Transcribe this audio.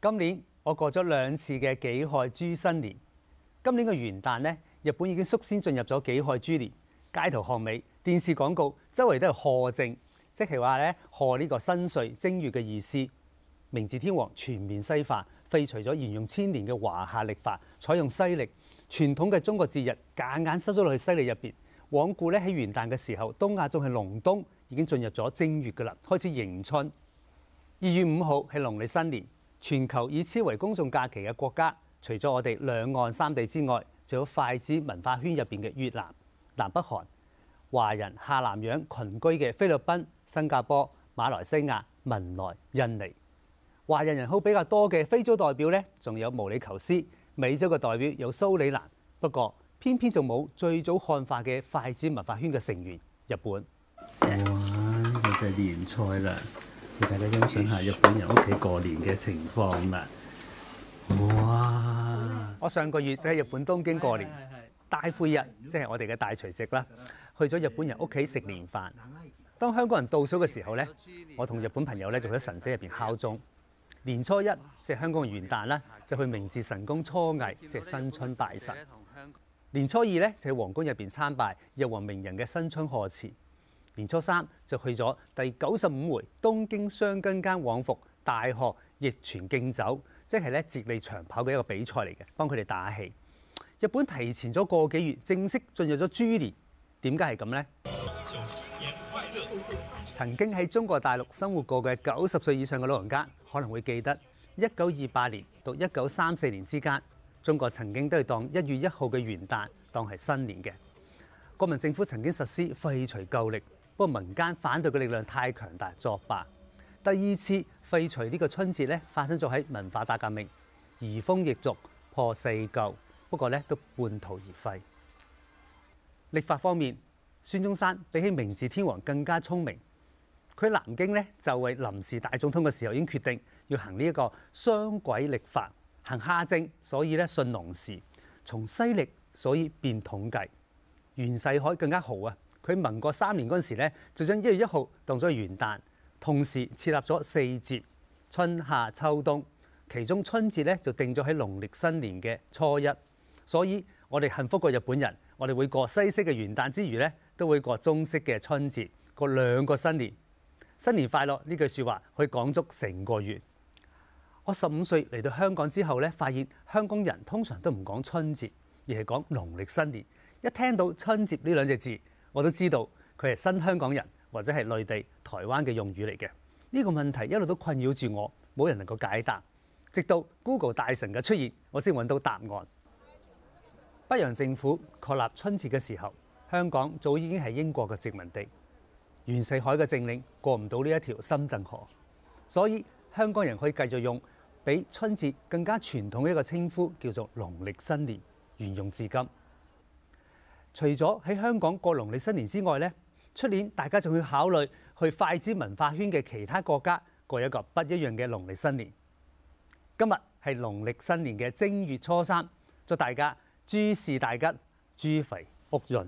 今年我過咗兩次嘅己亥豬新年。今年嘅元旦呢，日本已經率先進入咗己亥豬年，街頭巷尾電視廣告周圍都係賀正即係話咧賀呢個新歲正月嘅意思。明治天皇全面西化，廢除咗沿用千年嘅華夏歷法，採用西歷。傳統嘅中國節日夾硬收咗落去西歷入邊，罔顧咧喺元旦嘅時候，東亞仲係隆冬，已經進入咗正月噶啦，開始迎春。二月五號係農曆新年。全球以此為公眾假期嘅國家，除咗我哋兩岸三地之外，仲有筷子文化圈入邊嘅越南、南北韓、華人下南洋群居嘅菲律賓、新加坡、馬來西亞、文萊、印尼，華人人口比較多嘅非洲代表呢，仲有毛里求斯；美洲嘅代表有蘇里南。不過，偏偏仲冇最早漢化嘅筷子文化圈嘅成員，日本。哇！嗰隻聯賽啦～大家欣賞下日本人屋企過年嘅情況啦。哇！我上個月就喺日本東京過年大悔，就是、大晦日即係我哋嘅大除夕啦，去咗日本人屋企食年飯。當香港人倒數嘅時候咧，我同日本朋友咧就去神社入邊敲鐘。年初一即係、就是、香港元旦啦，就去明治神宮初詣即係新春拜神。年初二咧就喺、是、皇宮入邊參拜，又和名人嘅新春賀詞。年初三就去咗第九十五回東京箱根間往復大學驛傳競走，即係咧接力長跑嘅一個比賽嚟嘅，幫佢哋打氣。日本提前咗個幾月正式進入咗豬年，點解係咁呢？曾經喺中國大陸生活過嘅九十歲以上嘅老人家，可能會記得一九二八年到一九三四年之間，中國曾經都係當一月一號嘅元旦當係新年嘅。國民政府曾經實施廢除舊曆。不過民間反對嘅力量太強大，作罷。第二次廢除呢個春節咧，發生咗喺文化大革命，移風易俗破四舊，不過咧都半途而廢。曆法方面，孫中山比起明治天皇更加聰明，佢南京咧就為臨時大總統嘅時候已經決定要行呢一個雙軌曆法，行夏正，所以咧順農時，從西歷，所以變統計。袁世凱更加好啊！佢民國三年嗰陣時咧，就將一月一號當咗元旦，同時設立咗四節：春夏秋冬。其中春節咧就定咗喺農曆新年嘅初一。所以我哋幸福過日本人，我哋會過西式嘅元旦之餘咧，都會過中式嘅春節，過兩個新年。新年快樂呢句説話可以講足成個月。我十五歲嚟到香港之後咧，發現香港人通常都唔講春節，而係講農曆新年。一聽到春節呢兩隻字。我都知道佢係新香港人或者係內地、台灣嘅用語嚟嘅。呢個問題一路都困擾住我，冇人能夠解答。直到 Google 大神嘅出現，我先揾到答案。北洋政府確立春節嘅時候，香港早已經係英國嘅殖民地。袁世凱嘅政令過唔到呢一條深圳河，所以香港人可以繼續用比春節更加傳統嘅一個稱呼，叫做農曆新年，沿用至今。除咗喺香港過農曆新年之外咧，出年大家仲要考慮去筷子文化圈嘅其他國家過一個不一樣嘅農曆新年。今日係農曆新年嘅正月初三，祝大家諸事大吉，豬肥屋潤。